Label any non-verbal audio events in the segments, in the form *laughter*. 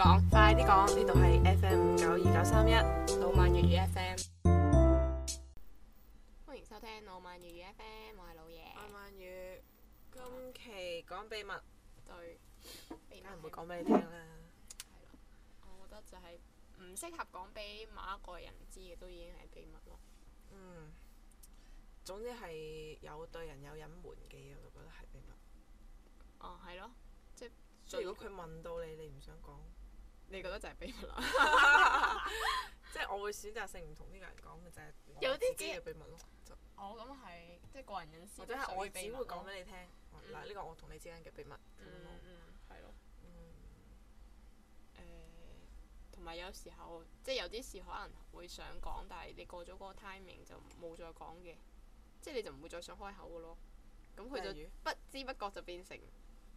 講快啲講，呢度係 FM 五九二九三一，老萬粵語 FM。歡迎收聽老萬粵語 FM，我係老爺。老萬粵，今期講秘密。對。唔會講俾你聽啦。我覺得就係唔適合講俾某一個人知嘅，都已經係秘密咯。嗯。總之係有對人有隱瞞嘅嘢，我覺得係秘密。哦、啊，係咯，即係，即係。所以，如果佢問到你，你唔想講。你覺得就係秘密咯， *laughs* *laughs* 即係我會選擇性唔同呢個人講，咪就係有啲嘅秘密咯。我哦，咁係，即係個人隱私。或者係我只會講俾你聽。嗱、嗯，呢個我同你之間嘅秘密。嗯，係咯。嗯。同埋、嗯、有時候即係有啲事可能會想講，但係你過咗嗰個 timing 就冇再講嘅，即係你就唔會再想開口嘅咯。咁佢就不知不覺就變成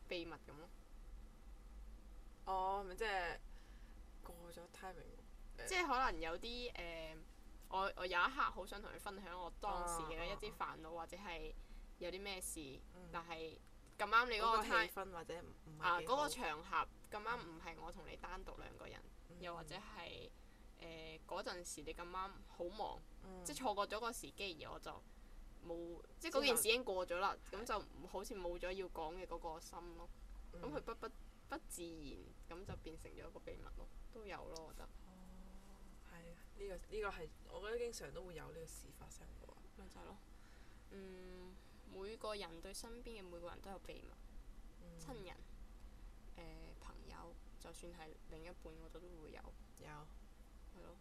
秘密咁咯。如哦，咪即係。過咗 timing，嗯、即係可能有啲誒、呃，我我有一刻好想同你分享我當時嘅一啲煩惱，或者係有啲咩事，啊、但係咁啱你嗰個 timing 或者啊嗰、嗰個場合咁啱唔係我同你單獨兩個人，嗯、又或者係誒嗰陣時你咁啱好忙，嗯、即係錯過咗個時機，而我就冇即係嗰件事已經過咗啦，咁對 就好似冇咗要講嘅嗰個心咯，咁佢不不。嗯不自然咁就變成咗一個秘密咯，都有咯，我覺得。哦，係啊！呢個呢個係，我覺得經常都會有呢個事發生嘅，咪就係咯。嗯，每個人對身邊嘅每個人都有秘密，嗯、親人。誒、呃，朋友，就算係另一半，我都都會有。有。係咯了。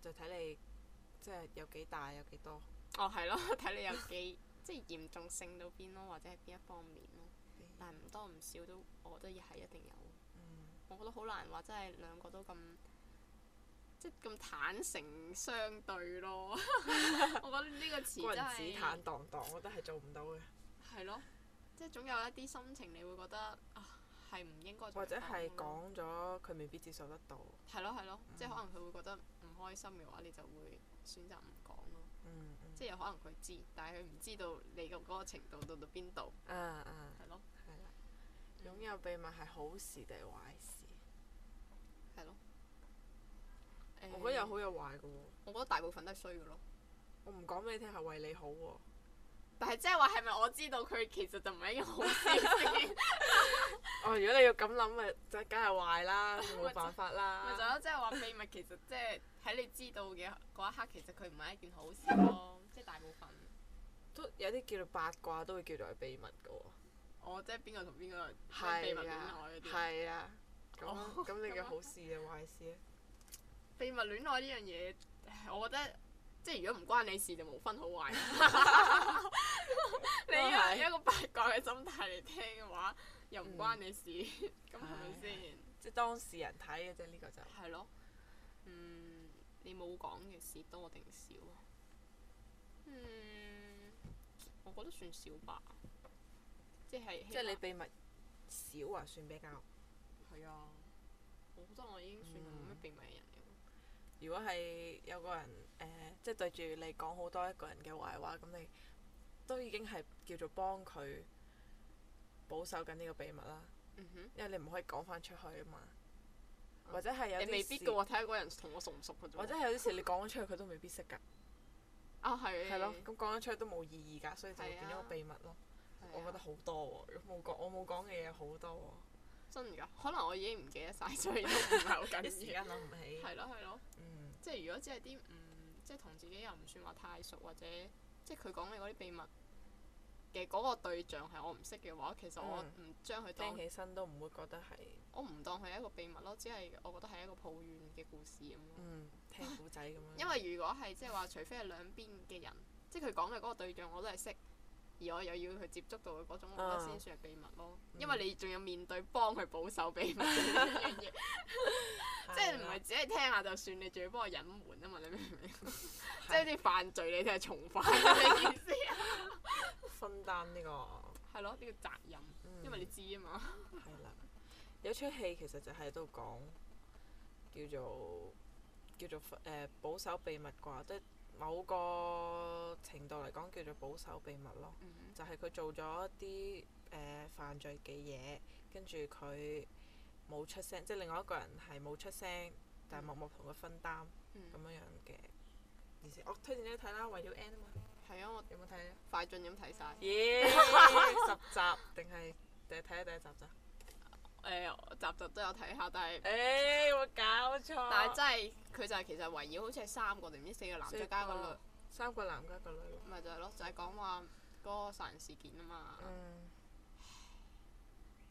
就睇你。即係有幾大，有幾多。哦，係咯，睇你有幾 *laughs* 即係嚴重性到邊咯，或者係邊一方面咯。但唔多唔少都，我覺得係一定有。嗯、我覺得好難話，真係兩個都咁，即係咁坦誠相對咯。 *laughs* 我覺得呢個詞都坦蕩蕩，我覺得係做唔到嘅。係咯。即係總有一啲心情，你會覺得係唔、啊、應該做。或者係講咗，佢未必接受得到。係咯係咯，即係可能佢會覺得唔開心嘅話，你就會選擇唔講咯。嗯嗯，即係有可能佢知，但係佢唔知道你個嗰個程度到到邊度。啊啊！係咯。擁有秘密係好事定係壞事？係咯。我覺得有好有壞嘅喎、哦。我覺得大部分都係衰嘅咯。我唔講俾你聽係為你好喎、哦。但係即係話係咪我知道佢其實就唔係一件好事？哦，如果你要咁諗，咪就梗係壞啦，冇辦法啦。咪就係即係話秘密其實即係喺你知道嘅嗰一刻，其實佢唔係一件好事咯，即係大部分。都有啲叫做八卦都會叫做係秘密嘅喎、哦。我即係邊個同邊個秘密戀愛嗰啲？係啊。係啊。咁你嘅好事定壞事咧？ *laughs* 秘密戀愛呢樣嘢，我覺得即係如果唔關你事，就冇分好壞。你係一個八卦嘅心態嚟聽嘅話，又唔關你事，咁係咪先？即係 *noise* 當事人睇嘅啫，呢、這個就。係咯。嗯，你冇講嘅事多定少啊？嗯，我覺得算少吧。即係你秘密少啊，算比較。係、嗯、啊，我覺得我已經算冇乜秘密嘅人嚟。如果係有個人誒、呃，即係對住你講好多一個人嘅壞話，咁你都已經係叫做幫佢保守緊呢個秘密啦。嗯、哼因為你唔可以講翻出去啊嘛。嗯、或者係有啲事，你未必嘅喎，睇下嗰人同我熟唔熟嘅啫。或者係有啲時你講咗出去，佢都未必識㗎。 *laughs* *laughs* 啊，係。係咯，咁講咗出去都冇意義㗎，所以就變咗個秘密咯。我覺得好多喎、哦，冇講我冇講嘅嘢好多喎、哦。真㗎？可能我已經唔記得晒，所以都唔係好緊。而家諗唔起。係咯係咯。嗯、即係如果只係啲唔，即係同自己又唔算話太熟，或者即係佢講嘅嗰啲秘密嘅嗰個對象係我唔識嘅話，嗯、其實我唔將佢當。聽起身都唔會覺得係。我唔當佢係一個秘密咯，只係我覺得係一個抱怨嘅故事咁咯。嗯，聽古仔咁樣、啊。因為如果係即係話，除非係兩邊嘅人，即係佢講嘅嗰個對象，我都係識。而我又要去接觸到嗰種，嗯、我先算係秘密咯。因為你仲要面對幫佢保守秘密呢樣嘢， *laughs* *laughs* 即係唔係只係聽下就算，你仲要幫我隱瞞啊嘛？你明唔明？ *laughs* *laughs* 即係啲犯罪，你都係從犯嘅意思。分擔呢、呢個係 *laughs* 咯，呢個責任，因為你知啊嘛。係啦， *laughs* 有出戲其實就喺度講，叫做叫做誒、呃、保守秘密啩，即某個程度嚟講叫做保守秘密咯，嗯、就係佢做咗一啲誒、呃、犯罪嘅嘢，跟住佢冇出聲，即係另外一個人係冇出聲，嗯、但係默默同佢分擔咁、嗯、樣樣嘅、哦。我推薦你睇啦，為咗 N 啊嘛。係啊，我有冇睇啊？快進咁睇晒。咦，十集定係定睇下第一集咋？誒，集集都有睇下，但係誒、欸、我搞錯，但係真係佢就係其實圍繞好似係三個定唔知四個男加一個女，三個男加一個女，唔咪、嗯、就係咯，就係講話嗰個殺人事件啊嘛。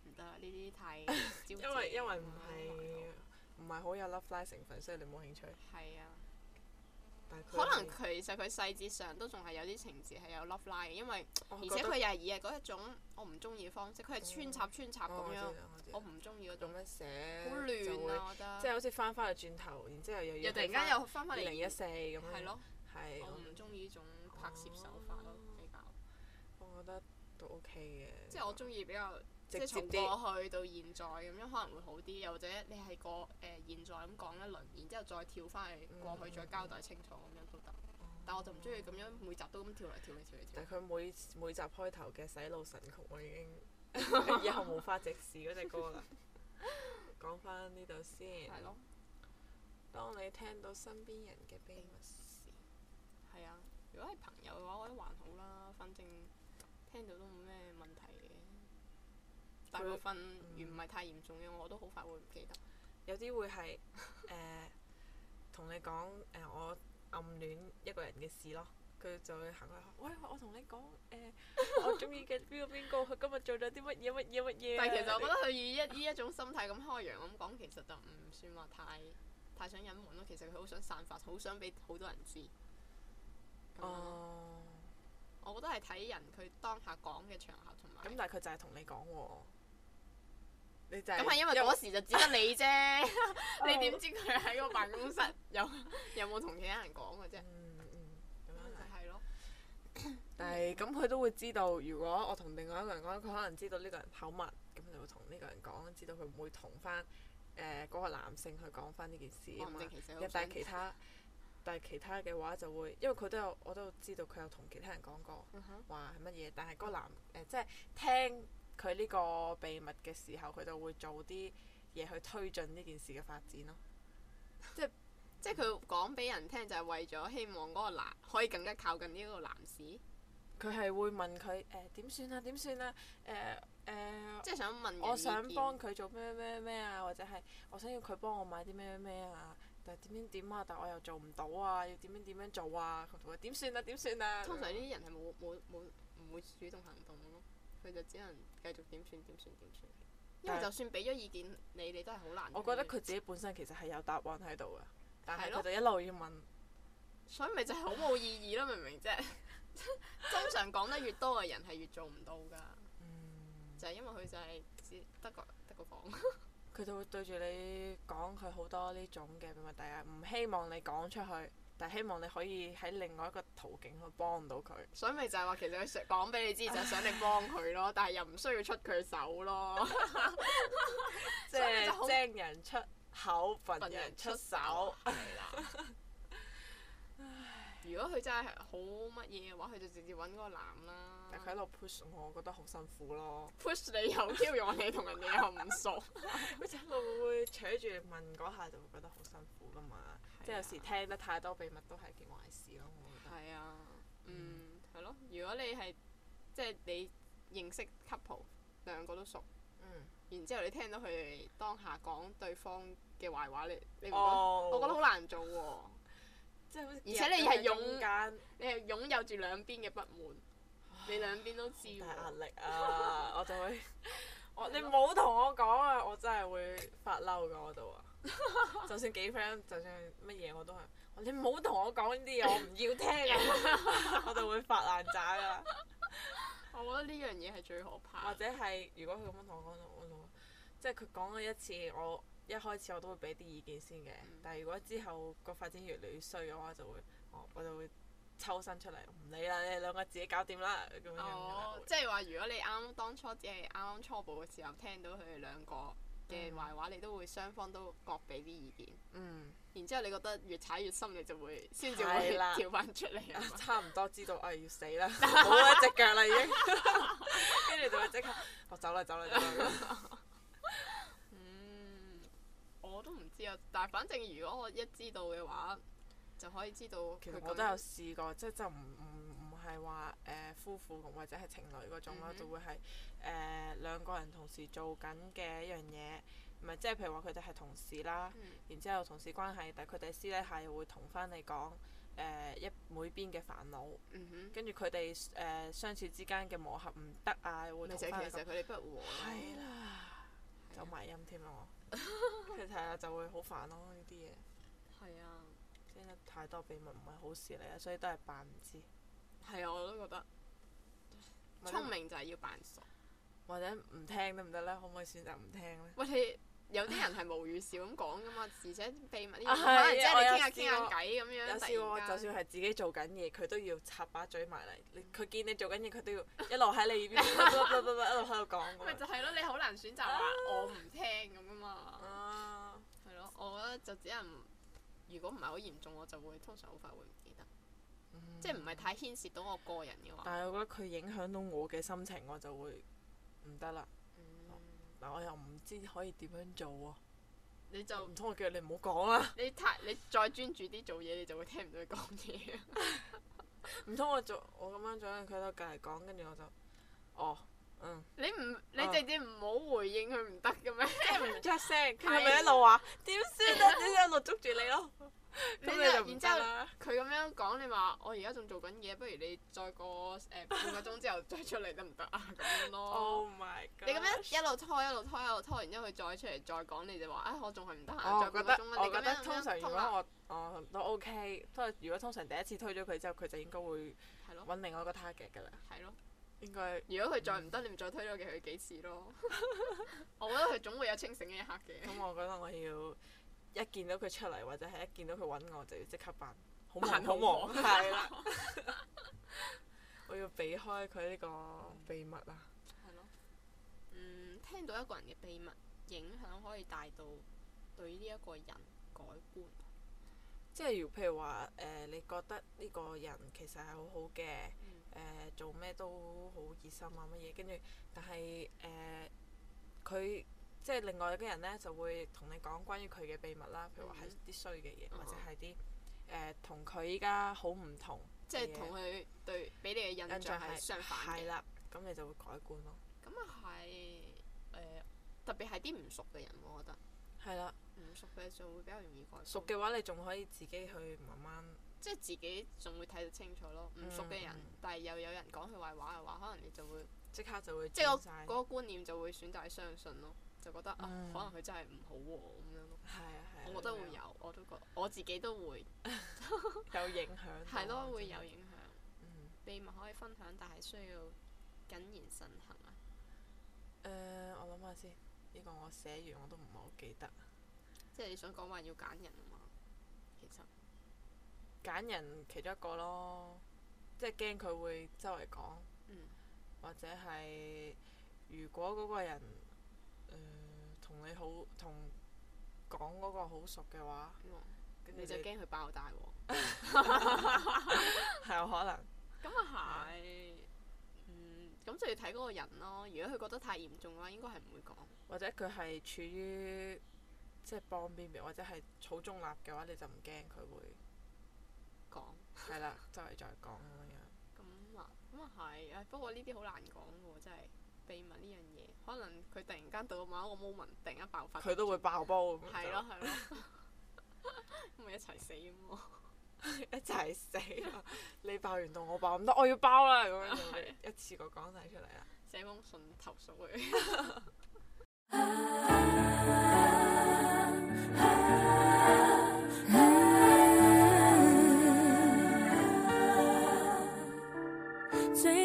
唔得、嗯，呢啲太焦。 *laughs* 因為因為唔係唔係好有 love life 成分，所以你冇興趣。係啊。可，可能其實佢細節上都仲係有啲情節係有 love line 嘅，因為而且佢又係以嗰一種我唔中意嘅方式，佢係覺穿插穿插咁樣。我唔中意嗰種乜寫好亂啊、我覺得、就會即係好似翻返去轉頭，然之後又，要回回14，又突然間又翻返嚟二零一四咁樣。係咯。是我唔中意呢種拍攝手法咯，比較、哦。我覺得都 OK 嘅。即係我中意比較。即係從過去到現在咁樣可能會好啲，又或者你係過誒、呃、現在咁講一輪，然之後再跳翻嚟過去再交代清楚咁樣都得。嗯嗯、但係我就唔中意咁樣、嗯、每集都咁跳嚟跳去跳嚟跳，跳。但係佢每每集開頭嘅洗腦神曲我已經以後 *laughs* 無法直視嗰隻歌啦。 *laughs* *laughs* 講翻呢度先。係咯。當你聽到身邊人嘅秘密時。係啊，如果係朋友嘅話，我覺得還好啦，反正聽到都冇咩問題。大部分唔係太嚴重嘅，我都好快會唔記得。有啲會係誒，同你講誒我暗戀一個人嘅事咯。佢就會行嚟，喂，我同你講誒，我中意嘅邊個邊個，佢今日做咗啲乜嘢乜嘢乜嘢。但係其實我覺得佢以一呢一種心態咁開揚咁講， *laughs* 其實就唔算話太太想隱瞞咯。其實佢好想散發，好想俾好多人知。哦。嗯、我覺得係睇人佢當下講嘅場合同埋。咁、嗯、但係佢就係同你講喎。咁係、就是、因為嗰時就只得你啫， *laughs* 你點知佢喺個辦公室有 *laughs* 有冇同其他人講嘅啫？嗯嗯，咁樣係咯。 *coughs* 但係咁佢都會知道，如果我同另外一個人講，佢可能知道呢個人口密，咁就會同呢個人講，知道佢唔會同翻誒嗰個男性去講翻呢件事。但係其他，但係其他嘅話就會，因為佢都有，我都知道佢有同其他人講過，話係乜嘢。但係嗰男誒即係聽。佢呢個秘密嘅時候，佢就會做啲嘢去推進呢件事嘅發展咯。 *laughs* *laughs* 即係即係佢講俾人聽，就係為咗希望嗰個男可以更加靠近呢個男士。佢係會問佢誒點算啊？點算啊？誒、呃、誒。即係想問我想幫佢做咩咩咩啊？或者係我想要佢幫我買啲咩咩啊？但係點點點啊！但我又做唔到啊！要點樣點樣做啊？佢同佢點算啊？點算啊？算啊，通常呢啲人係冇冇冇唔會主動行動咯。佢就只能繼續點算點算點算，因為就算俾咗意見你，你都係好難。我覺得佢自己本身其實係有答案喺度噶，但係佢就一路要問。所以咪就係好冇意義咯，明唔明啫？通 *laughs* 常講得越多嘅人係越做唔到噶， *laughs* 嗯、就係因為佢就係只得個得個講。佢就會對住你講佢好多呢種嘅問題啊，唔希望你講出去。但希望你可以喺另外一個途徑去幫到佢，所以咪就係話其實佢講俾你知就係想你幫佢咯， *laughs* 但係又唔需要出佢手咯，即係精人出口，笨人出手。如果佢真係好乜嘢嘅話，佢就直接揾嗰個男啦。佢喺度 push 我，覺得好辛苦咯。push 你又 care 同人哋又唔熟，好似一路會扯住問嗰下，就會覺得好辛苦噶嘛。即係有時聽得太多秘密都係件壞事咯，我覺得。係啊，嗯，係咯。如果你係即係你認識 couple 兩個都熟，嗯、然之後你聽到佢哋當下講對方嘅壞話，你你會覺得、oh、我覺得好難做喎。即係而且你係擁，你係擁有住兩邊嘅不滿。你兩邊都知，大壓力啊！我就會，我你唔好同我講啊！我真係會發嬲噶嗰度啊！就算幾 friend，就算乜嘢我都係，你唔好同我講呢啲嘢，我唔要聽啊！我就會發爛渣㗎啦！我覺得呢樣嘢係最可怕。或者係，如果佢咁樣同我講我，即係佢講咗一次，我一開始我都會俾啲意見先嘅。但係如果之後個發展越嚟越衰嘅話，就會，我我就會。抽身出嚟，唔理啦，你哋兩個自己搞掂啦。哦，oh, 會即係話如果你啱當初只係啱啱初步嘅時候聽到佢哋兩個嘅壞話，mm. 你都會雙方都各俾啲意見。嗯。Mm. 然之後你覺得越踩越深，你就會先至會跳翻出嚟了、啊。差唔多知道 *laughs* 啊！要死啦，攰一隻腳啦已經，跟住就會即刻我走啦走啦走啦。嗯，我都唔知啊，但係反正如果我一知道嘅話。就可以知道。其實我都有試過，嗯嗯，即係就唔唔唔係話誒夫婦或者係情侶嗰種咯，就會係誒兩個人同時做緊嘅一樣嘢，唔係即係譬如話佢哋係同事啦，嗯、然之後同事關係，但佢哋私底下又會同翻你講誒、呃、一每邊嘅煩惱，跟住佢哋誒相處之間嘅磨合唔得啊，會同翻其實佢哋講不和啦、啊。啦、啊，走埋音添咯。其實就會好煩咯，呢啲嘢。係啊。太多秘密唔係好事嚟啊，所以都係扮唔知、嗯。係啊人，我都覺得。聰明就係要扮傻，或者唔聽得唔得咧？可唔可以能能選擇唔聽咧？喂、哎，你有啲人係無語笑咁講噶嘛？而且秘密，啲嘢、啊，可能即係你傾下傾下偈咁樣，就算係自己做緊嘢，佢都要插把嘴埋嚟。你佢、嗯、見你做緊嘢，佢都要一路喺你耳邊 *laughs* 一路喺度講。咪就係咯，你好難選擇話我唔聽咁噶嘛。啊。係咯、啊，我覺得就只能如果唔係好嚴重，我就會通常好快會唔記得，嗯、即係唔係太牽涉到我個人嘅話。但係我覺得佢影響到我嘅心情，我就會唔得啦。嗱、嗯，哦、我又唔知可以點樣做喎、啊。你就唔通我叫你唔好講啦？你太你再專注啲做嘢，你就會聽唔到佢講嘢。唔通 *laughs* 我做我咁樣做，佢喺度隔籬講，跟住我就哦。你唔你直接唔好回應佢唔得嘅咩？佢唔出聲，佢係咪一路話點算得？佢喺度捉住你咯。然之後佢咁樣講，你話我而家仲做緊嘢，不如你再過誒半個鐘之後再出嚟得唔得啊？咁樣咯。Oh my！你咁樣一路拖一路拖一路拖，然之後佢再出嚟再講，你就話啊，我仲係唔得閒。我覺得我覺得通常如果我我都 OK，都係如果通常第一次推咗佢之後，佢就應該會揾另外一個 target 㗎啦。係咯。應該，如果佢再唔得，嗯、你咪再推咗佢幾次咯。 *laughs* 我覺得佢總會有清醒嘅一刻嘅。咁、嗯、我覺得我要一見到佢出嚟，或者係一見到佢揾我，就要即刻扮好忙好忙。係啦。我要避開佢呢個秘密啊！係咯。嗯，聽到一個人嘅秘密，影響可以大到對呢一個人改觀。即係、嗯嗯、如譬如話，你覺得呢個人其實係好好嘅。嗯誒、呃、做咩都好熱心啊，乜嘢，跟住但係誒，佢即係另外一啲人咧，就會同你講關於佢嘅秘密啦，譬如話係啲衰嘅嘢，嗯、哼或者係啲誒同佢依家好唔同，即係同佢對俾你嘅印象係相反嘅。咁你就會改觀咯。咁啊係，誒特別係啲唔熟嘅人，我覺得。係啦了。唔熟嘅人就會比較容易改觀。熟嘅話，你仲可以自己去慢慢。即係自己仲會睇得清楚咯，唔熟嘅人，嗯、但係又有人講佢壞話嘅話，可能你就會即刻就會即係我嗰個觀念就會選擇去相信咯，就覺得啊、嗯呃，可能佢真係唔好喎、啊、咁樣咯。係、嗯、我覺得會有，我都覺我自己都會有影響。係咯、嗯，會有影響。秘密可以分享，但係需要謹言慎行啊。誒、呃，我諗下先。呢、呢個我寫完我都唔係好記得。即係你想講話要揀人啊嘛？其實。揀人其中一個咯，即係驚佢會周圍講，或者係如果嗰個人誒同你好同講嗰個好熟嘅話，你就驚佢爆大鑊，係有可能。咁啊係，咁就要睇嗰個人咯。如果佢覺得太嚴重嘅話，應該係唔會講。或者佢係處於即係幫邊邊或者係草中立嘅話，你就唔驚佢會。講係啦，再再講咁樣。咁 *noise* 啊樂，咁啊係，唉不過呢啲好難講喎，真係秘密呢樣嘢，可能佢突然間到某一個 moment，突，突然間爆發。佢都會爆煲。 *laughs* 咁係咯係咯。咪 *laughs* 一齊死咁咯！ *laughs* 一齊死、啊。你爆完同我爆咁多，我要爆啦咁樣。一次過講晒出嚟啦！ *laughs* 寫封信投訴佢。 *laughs* *music*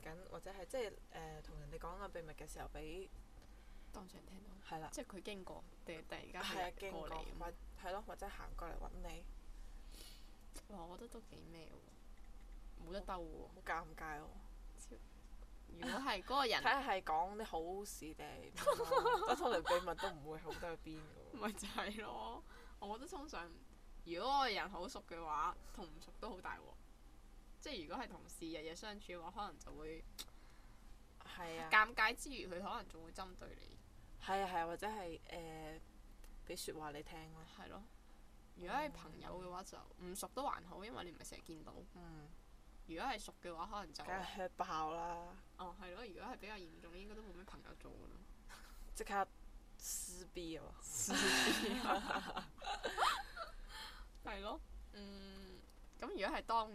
緊或者係即係誒同人哋講個秘密嘅時候，俾當場聽到，係啦了，即係佢經過定突然間經過你，或係咯，或者行過嚟揾你。哇！我覺得都幾咩喎，冇得兜喎，好尷尬喎、啊。如果係嗰個人，睇下係講啲好事定，通、嗯、常 *laughs* 秘密都唔會好得去邊嘅喎。咪 *laughs* 就係咯，我覺得通常，如果個人好熟嘅話，同唔熟都好大鑊。即係如果係同事日日相處嘅話，可能就會係啊，尷尬之餘，佢可能仲會針對你。係啊係啊，或者係誒俾説話你聽咯。係咯。如果係朋友嘅話，就唔熟都還好，因為你唔係成日見到。嗯。如果係熟嘅話，可能就。梗係 hurt 爆啦。哦，係咯！如果係比較嚴重，應該都冇咩朋友做嘅咯。即刻撕逼啊！撕逼啊，係咯。嗯。咁如果係當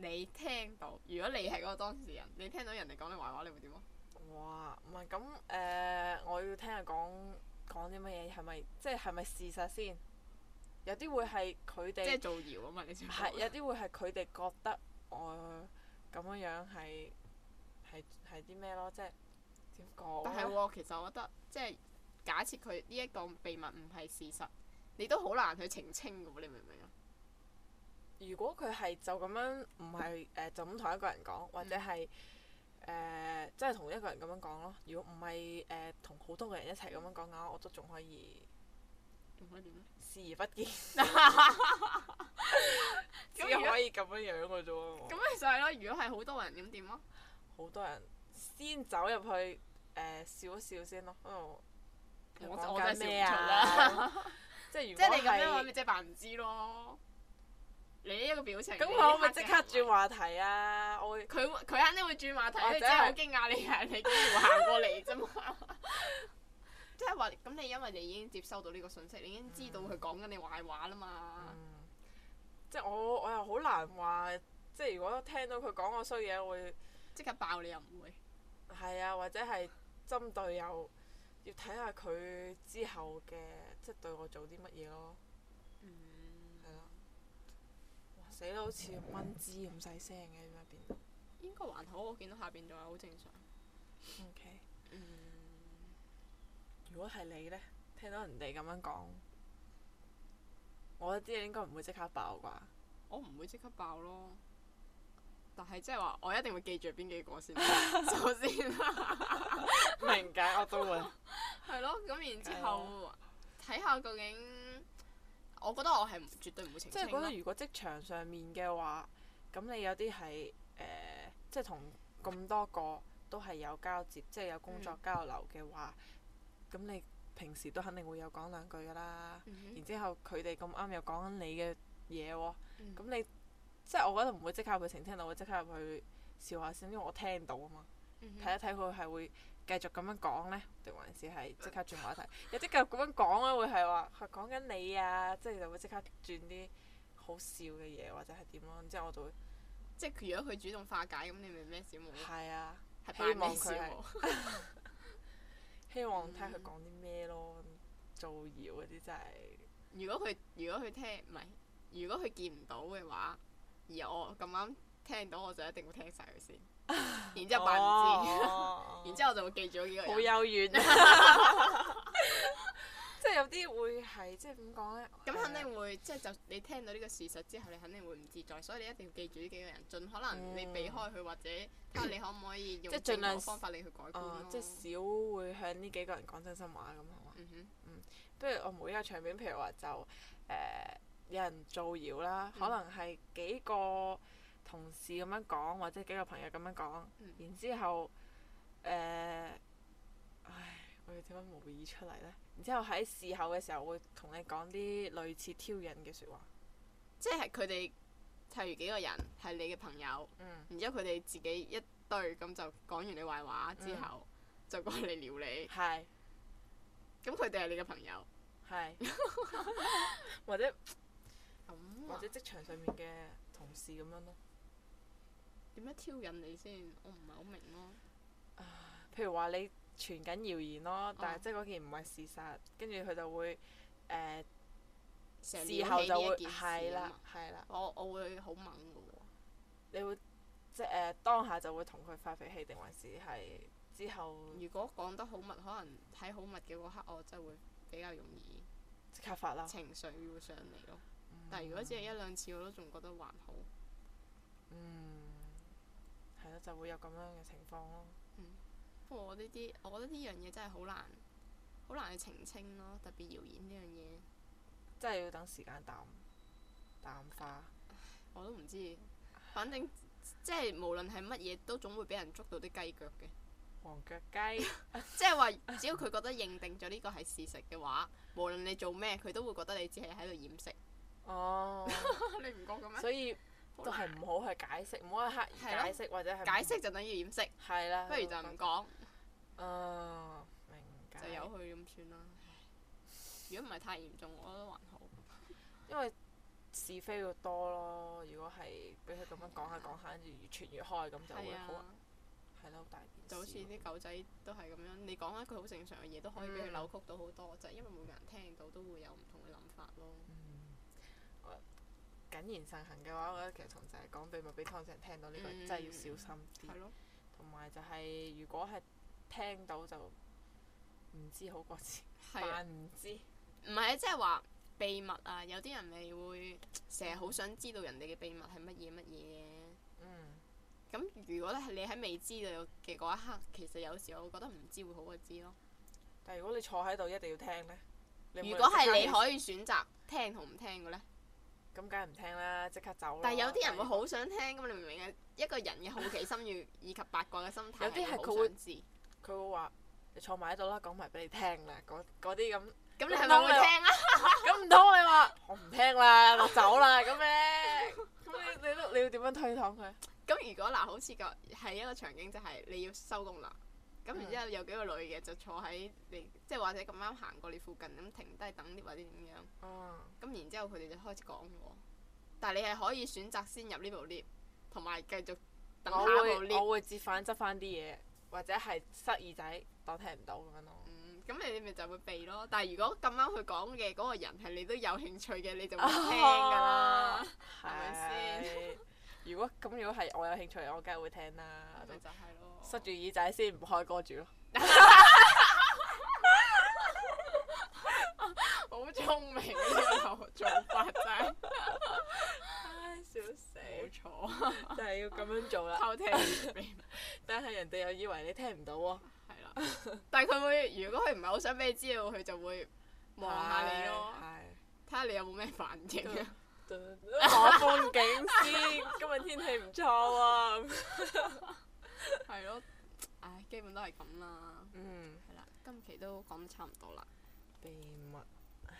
你聽到，如果你係嗰個當事人，你聽到人哋講你壞話，你會點啊？哇！唔係咁誒，我要聽人講講啲乜嘢？係咪即係係咪事實先？有啲會係佢哋。即係造謠啊嘛！你先。係有啲會係佢哋覺得我咁、呃、樣樣係係係啲咩咯？即係點講？但係喎，其實我覺得即係假設佢呢一個秘密唔係事實，你都好難去澄清嘅喎，你明唔明啊？如果佢係就咁樣，唔係誒就咁同一個人講，或者係誒即係同一個人咁樣講咯。如果唔係誒同好多個人一齊咁樣講嘅話，我都仲可以，可以。仲可以點咧？視而不見。 *laughs* *laughs* 只可以咁樣樣嘅啫，咁咪就係咯，如果係好多人點點咯？好多人先走入去誒、呃、笑一笑先咯，因為我我說在 我真係笑唔出啦、啊。即係 *laughs* 如果即係你咁樣玩，咪即係扮唔知咯。你一個表情，咁我會唔會即刻轉話題啊？我會，佢佢肯定會轉話題，或者好驚訝你啊！ *laughs* 你竟然行過嚟啫嘛！即係話咁，你因為你已經接收到呢個信息，你已經知道佢講緊你壞話啦嘛。嗯、即係我我又好難話，即係如果聽到佢講個衰嘢，我會即刻爆。你又唔會？係啊，或者係針對又要睇下佢之後嘅，即係對我做啲乜嘢咯。死啦！好似蚊滋咁細聲嘅喺邊？應該還好， *music* 我見到下邊仲係好正常。O Okay . K、嗯。如果係你呢，聽到人哋咁樣講，我一啲嘢應該唔會即刻爆啩。我唔會即刻爆咯。但係即係話，我一定會記住邊幾個先、啊，做 *laughs* 先明解，我都會。係 *laughs* 咯，咁然之後睇下我究竟。我覺得我係絕對唔會澄清。即係覺得如果職場上面嘅話，咁你有啲係誒，即係同咁多個都係有交接，即係有工作交流嘅話，咁、嗯、你平時都肯定會有講兩句噶啦。嗯、哼然之後佢哋咁啱又講緊你嘅嘢喎，咁、嗯、你即係我覺得唔會即刻入去澄清到，我會即刻入去笑下先，因為我聽到啊嘛。睇、嗯、一睇佢係會繼續咁樣講咧，定還是係即刻轉話題？有啲繼續咁樣講啦，會係話佢講緊你啊，即係就會即刻轉啲好笑嘅嘢或者係點咯。之後我就會即係如果佢主動化解，咁你咪咩小妹？係啊，希望聽佢 *laughs* *laughs* 講啲咩咯？造謠嗰啲真係。如果佢如果佢聽唔係，如果佢見唔到嘅話，而我咁啱聽到，我就一定會聽晒佢先。然之後扮唔知，然之後我就會記住嗰幾個人。好幽怨。即係有啲會係即係點講咧？咁肯定會即係就你聽到呢個事實之後，你肯定會唔自在，所以你一定要記住呢幾個人，盡可能你避開佢或者睇下你可唔可以用啲方法嚟去改觀。即係少會向呢幾個人講真心話咁係嘛？嗯哼。嗯，不如我每一個場面，譬如話就誒、有人造謠啦，可能係幾個。同事咁樣講，或者幾個朋友咁樣講，然之後，誒、呃，唉，我哋點樣模擬出嚟呢？然之後喺事後嘅時候會同你講啲類似挑釁嘅説話，即係佢哋譬如幾個人係你嘅朋友，嗯、然之後佢哋自己一堆咁就講完你壞話之後，嗯、就過嚟撩你。係是。咁佢哋係你嘅朋友。係是。 *laughs* 或者，嗯啊、或者職場上面嘅同事咁樣咯。點樣挑引你先？我唔係好明咯。譬如話你傳緊謠言咯，啊、但係即係嗰件唔係事實，跟住佢就會誒事、呃、後就會係啦，係啦，我我會好猛嘅喎。你會即係誒、呃、當下就會同佢發脾氣，定還是係之後？如果講得好密，可能睇好密嘅嗰刻，我真係會比較容易即刻發啦，情緒會上嚟咯。嗯、但係如果只係一兩次，我都仲覺得還好。嗯。嗯。係咯，就會有咁樣嘅情況咯。不過、嗯、我呢啲，我覺得呢樣嘢真係好難，好難去澄清咯，特別謠言呢樣嘢。真係要等時間淡，淡化。我都唔知，反正即係無論係乜嘢，都總會俾人捉到啲雞腳嘅。黃腳雞。 *laughs* *laughs* 即係話，只要佢覺得認定咗呢個係事實嘅話，無論你做咩，佢都會覺得你只係喺度掩飾。哦、oh。 *laughs* 你唔覺嘅咩？所以。都係唔好去解釋，唔好去刻意解釋，了或者係解，解釋就等於掩飾。係啦了。不如就唔講、嗯。明就由佢咁算啦。如果唔係太嚴重，我覺得還好。因為是非要多咯，如果係俾佢咁樣講下講下，跟住了越傳越開，咁就會好。係係咯，大件事。就好似啲狗仔都係咁樣，你講一句好正常嘅嘢，都可以俾佢扭曲到好多，嗯、就係因為每個人聽到都會有唔同嘅諗法咯。嗯。謹言慎行嘅話，我覺得其實從細講秘密俾湯士人聽到呢、這個、嗯、真係要小心啲。咯的。同埋就係、是、如果係聽到就唔知好過的知，扮唔知。唔係即係話秘密啊！有啲人咪會成日好想知道人哋嘅秘密係乜嘢乜嘢嘅。嗯。咁如果係你喺未知道嘅嗰一刻，其實有時候我覺得唔知會好過知咯。但係如果你坐喺度一定要聽咧，聽如果係你可以選擇聽同唔聽嘅咧。咁梗係唔聽啦，即刻走啦！但係有啲人會好想聽，咁對你明唔明啊？一個人嘅好奇心與以及八卦嘅心態 *laughs* 有，有啲係佢會，佢會話你坐埋喺度啦，講埋俾你聽啦，嗰啲咁。咁你係咪會聽啊？咁唔通你話我唔聽啦，我走啦咁咩？你你你你要點樣推搪佢？咁如果嗱，好似個係一個場景，就係你要收工啦。咁、嗯、然之後有幾個女嘅就坐喺你，即係或者咁啱行過你附近，咁停低等啲或者點樣。咁、嗯、然之後佢哋就開始講喎，但係你係可以選擇先入呢部 lift，同埋繼續等下部 lift。我會我會折返執翻啲嘢，或者係塞耳仔，當聽唔到咁樣咯。咁、嗯、你你咪就會避咯，但係如果咁啱佢講嘅嗰個人係你都有興趣嘅，你就會聽㗎啦。係咪先？如果咁如果係我有興趣，我梗係會聽啦。咁就係、是、咯。就 *laughs* 塞住耳仔先唔開歌住咯，好聰明呢、啊呢個做法 *laughs* 唉，笑死！冇錯，就係要咁樣做啦。偷聽，但係人哋又以為你聽唔到喎、啊。係啦。 *laughs* 但係佢會，如果佢唔係好想俾你知道，佢就會望下你咯，睇下 *laughs* *laughs* 你有冇咩反應、啊。 *laughs* 看風景先，今日天，天氣唔錯喎。係咯， *laughs* 唉，基本都係咁啦。嗯。係啦，今期都講得差唔多啦。秘密，唉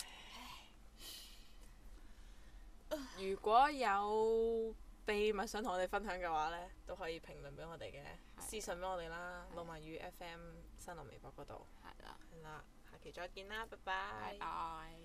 唉如果有秘密想同我哋分享嘅話呢，都可以評論俾我哋嘅了私信俾我哋啦，羅文宇 FM 新浪微博嗰度。係啦了。係啦，下期再見啦，拜拜。拜。